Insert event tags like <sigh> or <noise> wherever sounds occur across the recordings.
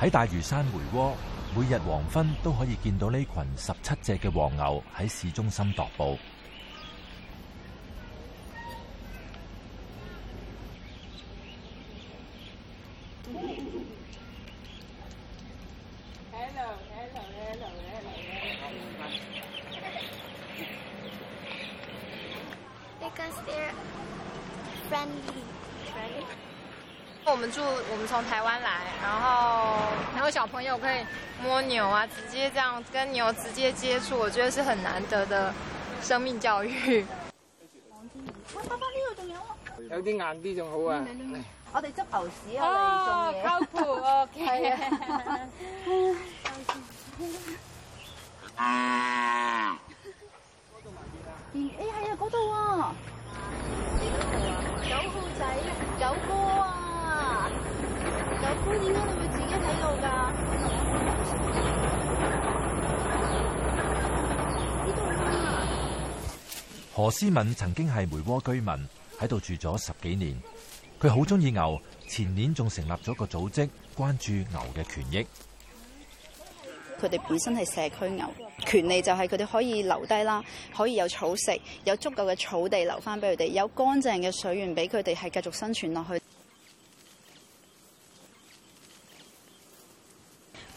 喺大嶼山梅窩，每日黃昏都可以見到呢群十七隻嘅黃牛喺市中心踱步。我們住，我們從台灣來，然後還有小朋友可以摸牛啊，直接這樣跟牛直接接觸，我覺得是很難得的生命教育。爸爸呢個仲有啊？有啲硬啲仲好啊！我哋執牛屎啊！哦，靠譜，OK。哈哈哈！哈。咦？哎，係啊，嗰度啊？幾多號啊？九號仔，九哥。咁點解你會自己喺度㗎？何思敏曾經係梅窩居民，喺度住咗十幾年。佢好中意牛，前年仲成立咗個組織關注牛嘅權益。佢哋本身係社區牛，權利就係佢哋可以留低啦，可以有草食，有足夠嘅草地留翻俾佢哋，有乾淨嘅水源俾佢哋係繼續生存落去。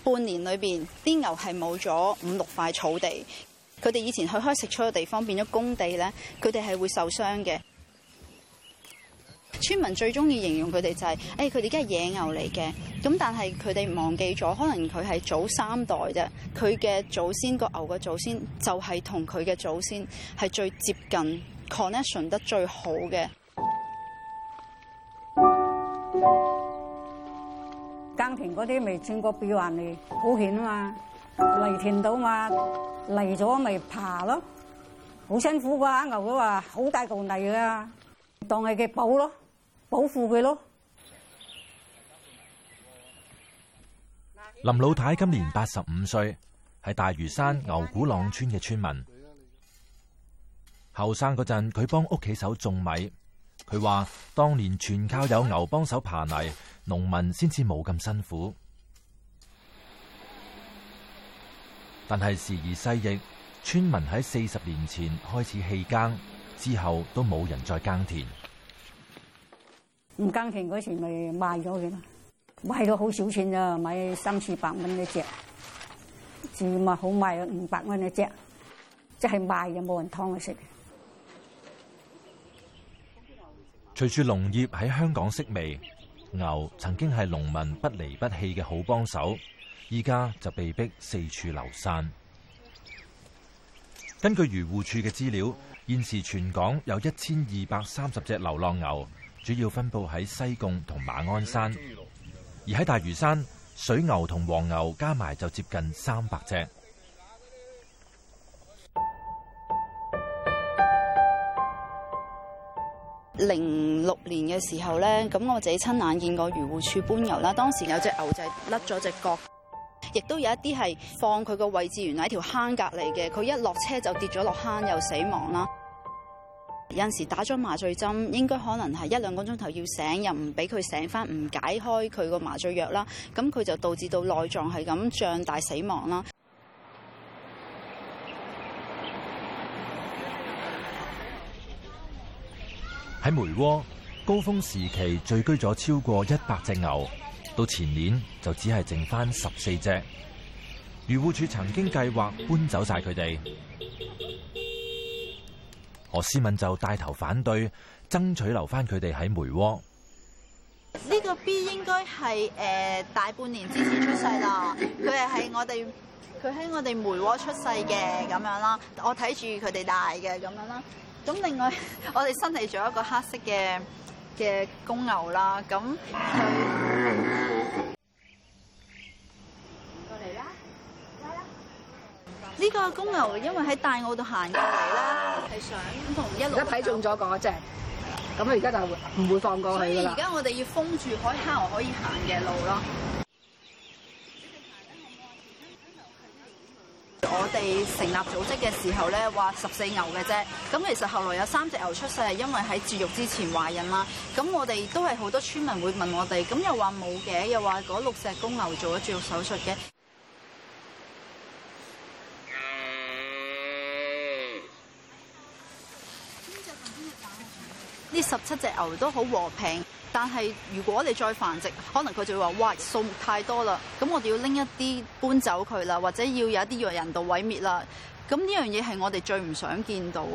半年裏邊，啲牛係冇咗五六塊草地，佢哋以前去開食草嘅地方變咗工地呢，佢哋係會受傷嘅。村民最中意形容佢哋就係、是：，誒、哎，佢哋而家係野牛嚟嘅。咁但係佢哋忘記咗，可能佢係早三代啫。佢嘅祖先，個牛嘅祖先就係同佢嘅祖先係最接近 connection 得最好嘅。 <noise> 耕田嗰啲未穿過臂環嚟，好險啊嘛！嚟田到嘛，嚟咗咪爬咯，好辛苦噶。牛佬話好大嚿泥噶，當係佢保咯，保護佢咯。林老太今年八十五歲，係大嶼山牛古朗村嘅村民。後生嗰陣，佢幫屋企手種米。佢話當年全靠有牛幫手爬泥，農民先至冇咁辛苦。但係時移世易，村民喺四十年前開始棄耕，之後都冇人再耕田。唔耕田嗰時咪賣咗佢咯，賣到好少錢咋，賣三四百蚊一隻，最埋好賣五百蚊一隻，即係賣就冇人劏佢食。隨住農業喺香港式微，牛曾經係農民不離不棄嘅好幫手，依家就被逼四處流散。根據漁護署嘅資料，現時全港有一千二百三十隻流浪牛，主要分佈喺西貢同馬鞍山，而喺大嶼山，水牛同黃牛加埋就接近三百隻。零六年嘅時候呢，咁我自己親眼見過漁護處搬牛啦。當時有隻牛仔甩咗隻角，亦都有一啲係放佢個位置原來喺條坑隔離嘅，佢一落車就跌咗落坑又死亡啦。有陣時打咗麻醉針，應該可能係一兩個鐘頭要醒，又唔俾佢醒翻，唔解開佢個麻醉藥啦，咁佢就導致到內臟係咁脹大死亡啦。喺梅窩高峰時期，聚居咗超過一百隻牛，到前年就只係剩翻十四隻。漁護署曾經計劃搬走晒佢哋，何思敏就帶頭反對，爭取留翻佢哋喺梅窩。呢個 B 應該係誒大半年之前出世啦，佢係喺我哋，佢喺我哋梅窩出世嘅咁樣啦，我睇住佢哋大嘅咁樣啦。咁另外，我哋新嚟咗一個黑色嘅嘅公牛啦，咁佢呢個公牛因為喺大澳度行過嚟啦，係想同一路，而家睇中咗嗰隻，咁佢而家就唔會放過去啦。所以而家我哋要封住海蝦可以行嘅路咯。我哋成立組織嘅時候咧，話十四牛嘅啫。咁其實後來有三隻牛出世，係因為喺絕育之前懷孕啦。咁我哋都係好多村民會問我哋，咁又話冇嘅，又話嗰六隻公牛做咗絕育手術嘅。呢十七隻牛都好和平，但係如果你再繁殖，可能佢就會話：哇，數目太多啦，咁我哋要拎一啲搬走佢啦，或者要有一啲要人道毀滅啦。咁呢樣嘢係我哋最唔想見到。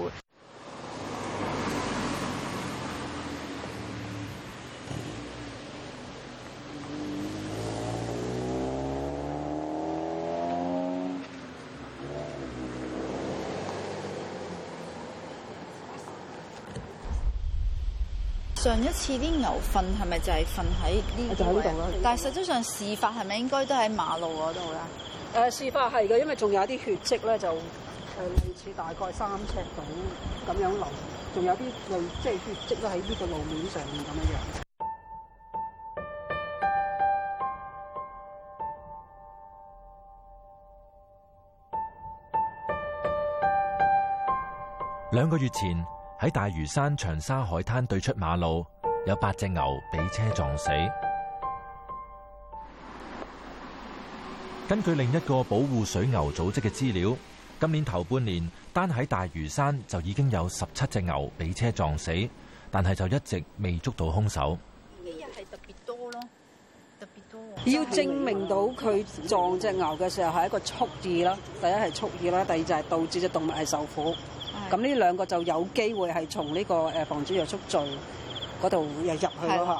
上一次啲牛瞓係咪就係瞓喺呢度？但係實際上事發係咪應該都喺馬路嗰度咧？誒、呃，事發係嘅，因為仲有啲血跡咧，就類似大概三尺度咁樣流，仲有啲類即係血跡都喺呢個路面上面咁樣樣。兩個月前。喺大嶼山長沙海灘對出馬路，有八隻牛俾車撞死。根據另一個保護水牛組織嘅資料，今年頭半年單喺大嶼山就已經有十七隻牛俾車撞死，但係就一直未捉到兇手。呢日係特別多囉，特別多。要證明到佢撞隻牛嘅時候係一個蓄意啦，第一係蓄意啦，第二就係導致隻動物係受苦。咁呢兩個就有機會係從呢個誒房子入出罪防止約束罪嗰度入入去咯嚇，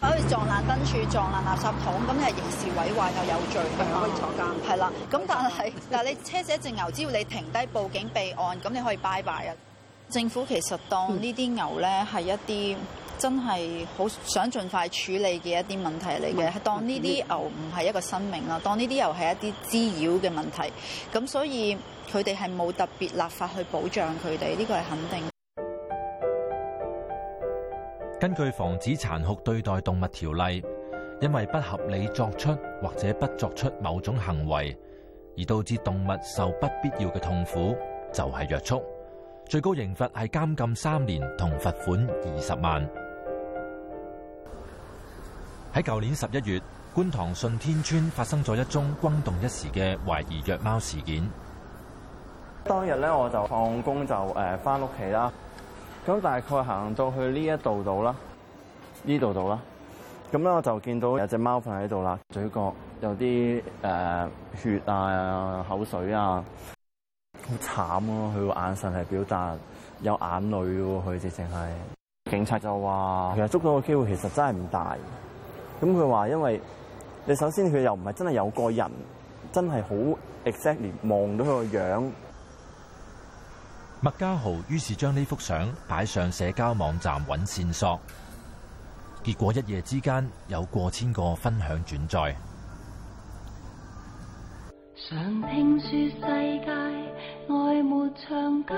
可以的的撞爛燈柱、撞爛垃圾桶，咁係刑事毀壞又有罪，係可以坐監。係啦，咁但係嗱，你車死一隻牛，只要你停低報警備案，咁你可以 bye bye 啊。政府其實當呢啲牛咧係一啲真係好想盡快處理嘅一啲問題嚟嘅，嗯、當呢啲牛唔係一個生命啦、嗯，當呢啲牛係一啲滋擾嘅問題，咁所以。佢哋係冇特別立法去保障佢哋，呢個係肯定。根據《防止殘酷對待動物條例》，因為不合理作出或者不作出某種行為，而導致動物受不必要嘅痛苦，就係虐畜，最高刑罰係監禁三年同罰款二十萬。喺舊年十一月，觀塘順天村發生咗一宗轟動一時嘅懷疑虐貓事件。當日咧，我就放工就返翻屋企啦。咁大概行到去呢一度度啦，呢度度啦。咁咧，我就見到有隻貓瞓喺度啦，嘴角有啲誒、呃、血啊、口水啊，好慘喎、啊。佢個眼神係表達有眼淚喎、啊，佢直情係警察就話其實捉到個機會其實真係唔大。咁佢話，因為你首先佢又唔係真係有個人真係好 exactly 望到佢個樣。麥家豪於是將呢幅相擺上社交網站揾線索，結果一夜之間有過千個分享轉載。常聽說世界愛沒長久，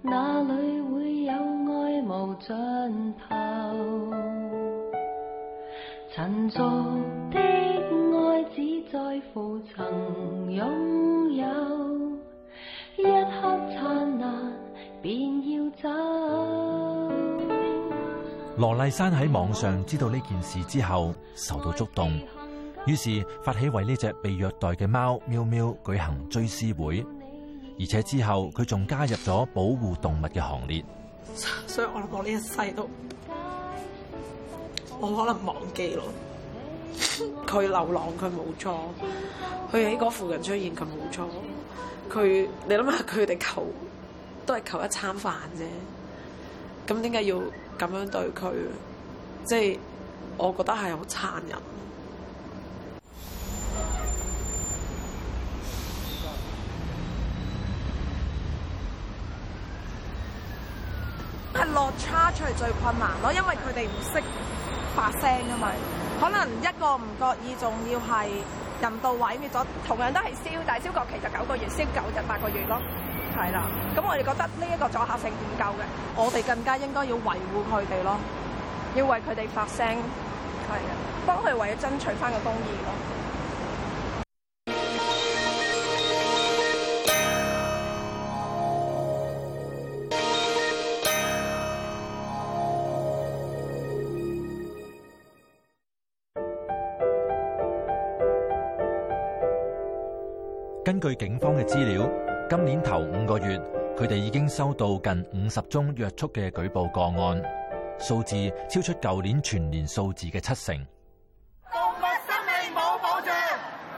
哪裏會有愛無盡頭？陳俗的愛只在乎曾擁有。一刻，燦爛便要走。羅麗珊喺網上知道呢件事之後，受到觸動，於是發起為呢隻被虐待嘅貓喵喵舉行追思會，而且之後佢仲加入咗保護動物嘅行列。所以我諗我呢一世都，我可能忘記咯。佢流浪，佢冇錯；佢喺嗰附近出現，佢冇錯。佢，你諗下佢哋求都係求一餐飯啫，咁點解要咁樣對佢？即係我覺得係好殘忍。係落差出嚟最困難咯，因為佢哋唔識發聲㗎嘛，可能一個唔覺意，仲要係。人道毀滅咗，同樣都係燒，但係燒國旗就九個月，燒九日八個月咯，係啦的。咁我哋覺得呢一個阻嚇性唔夠嘅，我哋更加應該要維護佢哋咯，要為佢哋發聲，係啊的，幫佢哋為咗爭取翻個公義咯。根據警方嘅資料，今年頭五個月，佢哋已經收到近五十宗虐畜嘅舉報個案，數字超出舊年全年數字嘅七成。動物生命冇保障，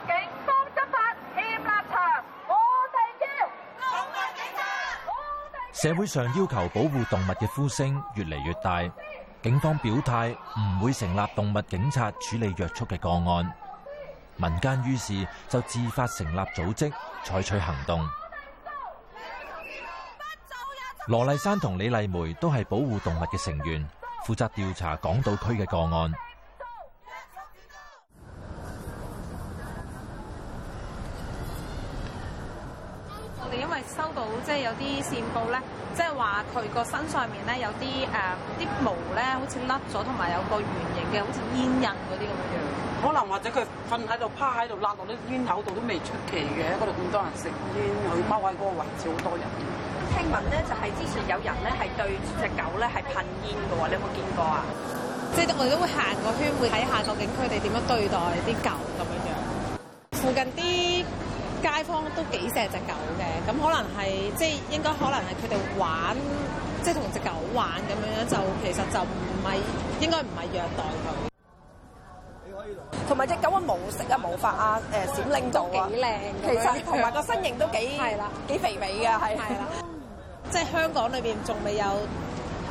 警方執法欠立場，我哋要動物警察。社會上要求保護動物嘅呼聲越嚟越大，警方表態唔會成立動物警察處理虐畜嘅個案。民間於是就自發成立組織，採取行動。羅麗珊同李麗梅都係保護動物嘅成員，負責調查港島區嘅個案。收到即係有啲線報咧，即係話佢個身上面咧有啲誒啲毛咧，好似甩咗，同埋有個圓形嘅，好似煙印嗰啲咁嘅樣。可能或者佢瞓喺度趴喺度，甩落啲煙頭度都未出奇嘅。嗰度咁多人食煙，佢踎喺嗰個位置好多人。聽聞咧就係、是、之前有人咧係對住隻狗咧係噴煙嘅喎，你有冇見過啊？即係我哋都會行個圈，會睇下個景區哋點樣對待啲狗咁樣。附近啲。街坊都幾錫隻狗嘅，咁可能係即係應該可能係佢哋玩，即係同隻狗玩咁樣，就其實就唔係應該唔係虐待佢。同埋隻狗嘅毛色啊、毛髮啊、閃靄度啊幾靚，其實同埋個身形都幾係啦，幾的肥美嘅啦。的即係香港裏面仲未有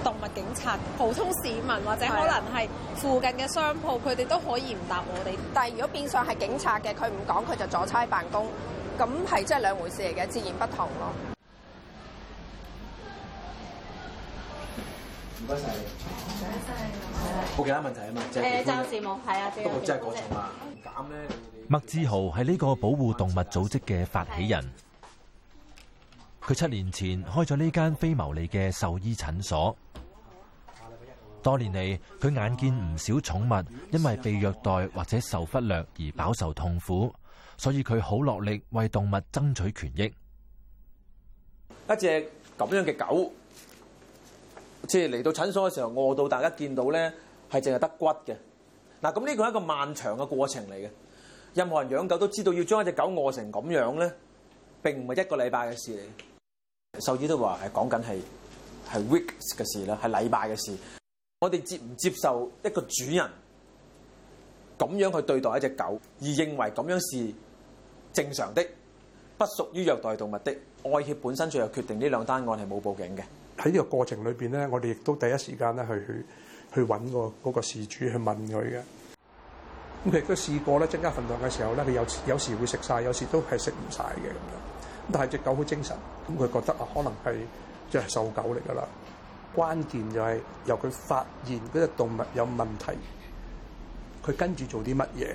動物警察，普通市民或者可能係附近嘅商鋪，佢哋都可以唔答我哋。但係如果變相係警察嘅，佢唔講佢就阻差辦公。咁係真係兩回事嚟嘅，自然不同咯。唔該曬，冇其他問題啊嘛，誒暫時冇，係啊、呃，都冇真係講寵物減咧。麥志豪係呢個保護動物組織嘅發起人，佢的七年前開咗呢間非牟利嘅獸醫診所。多年嚟，佢眼見唔少寵物因為被虐待或者受忽略而飽受痛苦。所以佢好落力為動物爭取權益。一隻咁樣嘅狗，即係嚟到診所嘅時候餓到，大家見到咧係淨係得骨嘅。嗱，咁呢個係一個漫長嘅過程嚟嘅。任何人養狗都知道要將一隻狗餓成咁樣咧，並唔係一個禮拜嘅事嚟。獸醫都話係講緊係係 weeks 嘅事啦，係禮拜嘅事。我哋接唔接受一個主人咁樣去對待一隻狗，而認為咁樣事。正常的，不屬於虐待動物的愛協本身，最後決定呢兩單案係冇報警嘅。喺呢個過程裏邊咧，我哋亦都第一時間咧去去去揾個嗰個事主去問佢嘅，咁。佢亦都試過咧增加份量嘅時候咧，佢有時有時會食晒，有時都係食唔晒嘅，咁樣，咁但係隻狗好精神，咁佢覺得啊，可能係即係瘦狗嚟噶啦。關鍵就係由佢發現嗰隻動物有問題，佢跟住做啲乜嘢？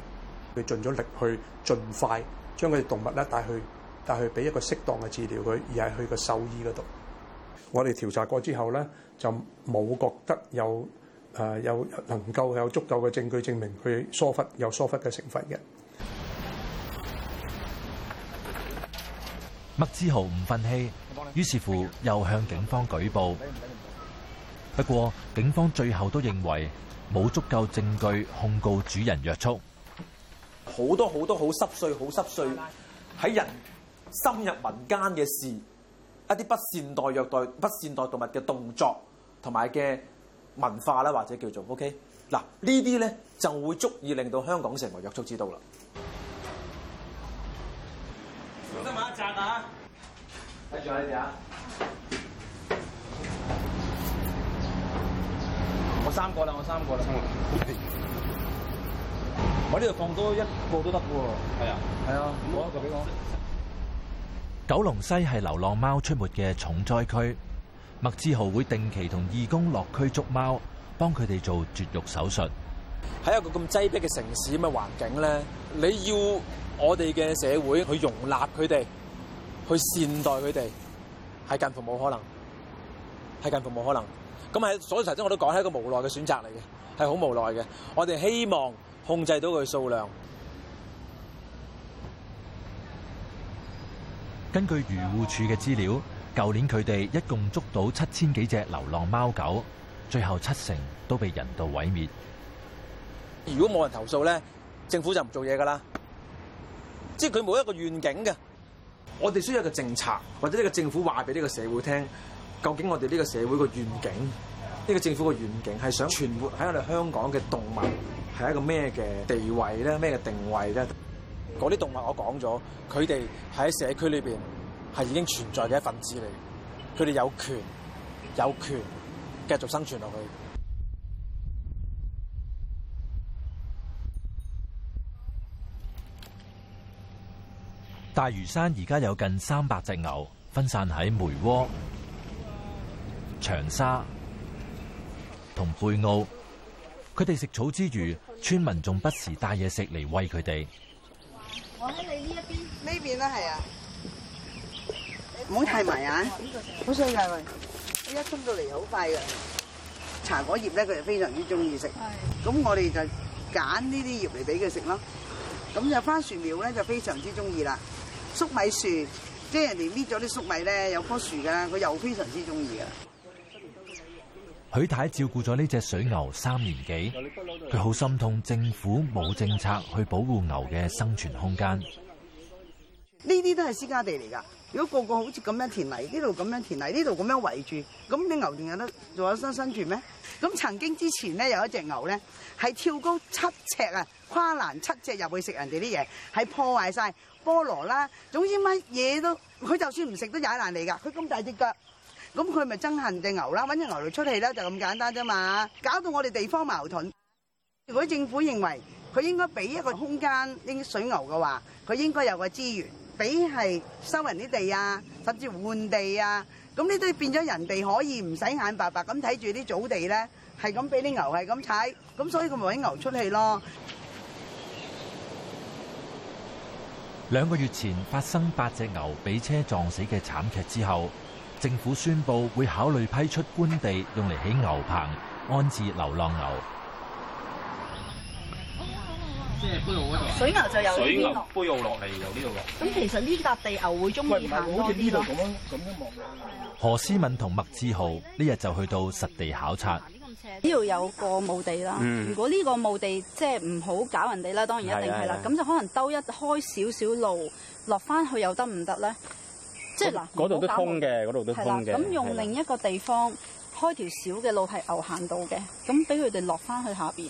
佢盡咗力去盡快。將佢哋動物咧帶去，帶去俾一個適當嘅治療佢，而係去個獸醫嗰度。我哋調查過之後呢就冇覺得有、呃、有能夠有足夠嘅證據證明佢疏忽有疏忽嘅成分嘅。麥之豪唔忿氣，於是乎又向警方舉報。不，不，不，不過警方最後都認為冇足夠證據控告主人虐畜。好多好多好濕碎，好濕碎喺人深入民間嘅事，一啲不善待虐待、不善待動物嘅動作同埋嘅文化啦，或者叫做 OK，嗱呢啲咧就會足以令到香港成為虐畜之都啦。做乜啊？扎噶？你仲住啲咩啊？我三個啦，我三個啦。我呢度放多一個都得嘅喎。係啊，係啊。咁，攞一個俾我。九龍西係流浪貓出沒嘅重災區，麥志豪會定期同義工落區捉貓，幫佢哋做絕育手術。喺一個咁擠迫嘅城市咁嘅環境咧，你要我哋嘅社會去容納佢哋，去善待佢哋，係近乎冇可能，係近乎冇可能。咁喺所以頭先我都講係一個無奈嘅選擇嚟嘅，係好無奈嘅。我哋希望。控制到佢數量。根據漁護署嘅資料，舊年佢哋一共捉到七千幾隻流浪貓狗，最後七成都被人道毀滅。如果冇人投訴咧，政府就唔做嘢噶啦。即係佢冇一個願景嘅。我哋需要一個政策，或者呢個政府話俾呢個社會聽，究竟我哋呢個社會嘅願景，呢個政府嘅願景係想存活喺我哋香港嘅動物。係一個咩嘅地位咧？咩嘅定位咧？嗰啲動物我講咗，佢哋喺社區裏邊係已經存在嘅一份子嚟，佢哋有權、有權繼續生存落去。大嶼山而家有近三百隻牛分散喺梅窩、長沙同貝澳。佢哋食草之餘，村民仲不時帶嘢食嚟喂佢哋。我喺你呢一邊呢邊啦，係啊，唔好太埋啊，好衰噶喂，一衝到嚟好快噶。茶果葉咧，佢就非常之中意食，咁我哋就揀呢啲葉嚟俾佢食咯。咁就番薯苗咧，就非常之中意啦。粟米樹，即係人哋搣咗啲粟米咧，有棵樹噶，佢又非常之中意啊。許太太照顧咗呢隻水牛三年幾，佢好心痛政府冇政策去保護牛嘅生存空間。呢啲都係私家地嚟噶，如果個個好似咁樣填泥呢度，咁樣填泥呢度，咁樣圍住，咁你牛仲有得仲有得生存咩？咁曾經之前咧，有一隻牛咧，係跳高七尺啊，跨欄七尺入去食人哋啲嘢，係破壞晒菠蘿啦，總之乜嘢都，佢就算唔食都踩爛嚟噶，佢咁大隻腳。咁佢咪憎恨隻牛啦，搵隻牛嚟出氣啦，就咁簡單啫嘛！搞到我哋地方矛盾。如果政府認為佢應該俾一個空間應水牛嘅話，佢應該有個資源俾係收人啲地啊，甚至換地啊。咁呢啲變咗人哋可以唔使眼白白咁睇住啲草地咧，係咁俾啲牛係咁踩，咁所以佢咪搵牛出氣咯。兩個月前發生八隻牛俾車撞死嘅慘劇之後，政府宣布會考慮批出官地，用嚟起牛棚安置流浪牛。水牛就有呢邊水牛由呢邊落，嚟由呢度落。咁其實呢笪地牛會中意好似呢行多啲咯。何思敏同麥志豪呢日就去到實地考察，呢度有個墓地啦。嗯、如果呢個墓地即係唔好搞人哋啦，當然一定係啦。咁的就可能兜一開少少路落翻去又得唔得咧？即係嗱，嗰度都通嘅，嗰度都通嘅。咁用另一個地方開條小嘅路係牛行道嘅，咁俾佢哋落翻去下邊。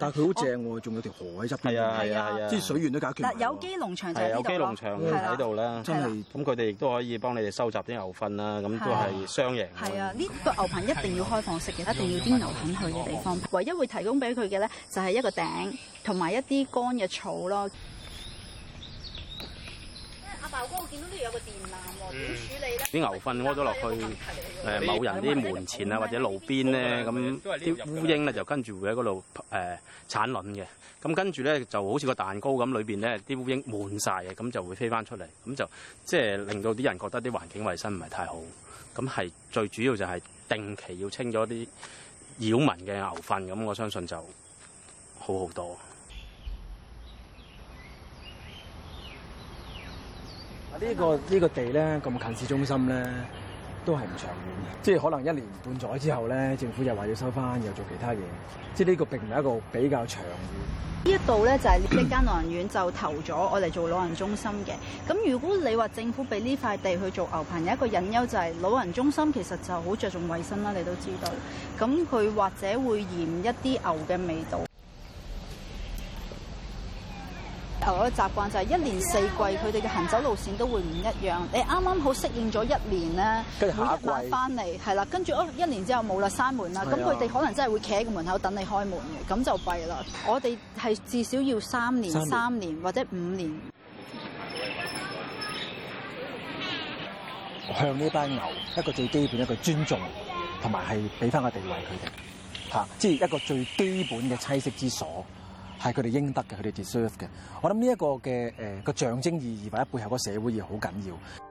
但係佢好正喎，仲有條河喺側。係啊，係啊，係啊，啲水源都搞掂。嗱，有機農場就喺呢度啦，係啦，真係。咁佢哋亦都可以幫你哋收集啲牛糞啦，咁都係雙贏。係啊，呢個牛棚一定要開放式嘅，一定要啲牛肯去嘅地方。唯一會提供俾佢嘅咧，就係一個頂，同埋一啲乾嘅草咯。我見到呢度有個電纜喎，點、嗯、處理咧？啲牛糞屙咗落去，誒，某人啲門前啊或者路邊咧，咁啲烏蠅咧就跟住會喺嗰度誒產卵嘅，咁跟住咧就好似個蛋糕咁，裏邊咧啲烏蠅滿晒嘅，咁就會飛翻出嚟，咁就即係、就是、令到啲人覺得啲環境衛生唔係太好，咁係最主要就係定期要清咗啲擾民嘅牛糞，咁我相信就好好多。呢、這個呢、這個地咧咁近市中心咧，都係唔長遠嘅，即係可能一年半載之後咧，政府又話要收翻，又做其他嘢，即係呢個並唔係一個比較長遠。這裏呢、就是、這一度咧就係呢間老人院就投咗我哋做老人中心嘅。咁如果你話政府俾呢塊地去做牛棚，有一個隱憂就係老人中心其實就好着重衛生啦，你都知道。咁佢或者會嫌一啲牛嘅味道。我嘅習慣就係一年四季佢哋嘅行走路線都會唔一樣。你啱啱好適應咗一年咧，一每一個季翻嚟，係啦，跟住哦一年之後冇啦，閂門啦，咁佢哋可能真係會企喺個門口等你開門嘅，咁就弊啦。我哋係至少要三年、三年、三年或者五年，我向呢班牛一個最基本一個尊重，同埋係俾翻個地位佢哋，嚇，即係一個最基本嘅棲息之所。係佢哋應得嘅，佢哋 deserve 嘅。我諗呢一個嘅誒個象徵意義或者背後個社會意義好緊要。